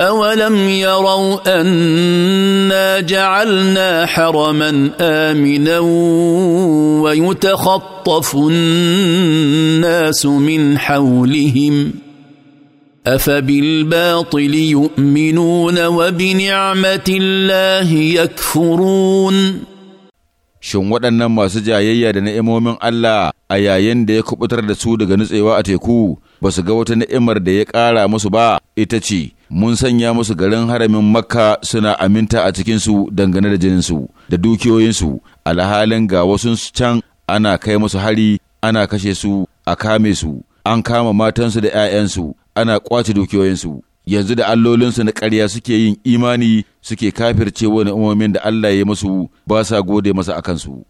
أولم يروا أنا جعلنا حرما آمنا ويتخطف الناس من حولهم أفبالباطل يؤمنون وبنعمة الله يكفرون shin waɗannan masu jayayya da na'imomin Allah a yayin da ya kubutar da su daga nutsewa a teku ba su ga wata ni'imar da ya ƙara musu ba ita ce mun sanya musu garin haramin makka suna aminta a cikinsu dangane da jininsu da dukiyoyinsu alhalin ga wasu can ana kai musu hari ana kashe su a kame su an kama matansu da 'ya'yansu ana kwace dukiyoyinsu yanzu da allolinsu na ƙarya suke yin imani suke kafirce wani umomin da Allah ya masu ba sa gode masa a kansu.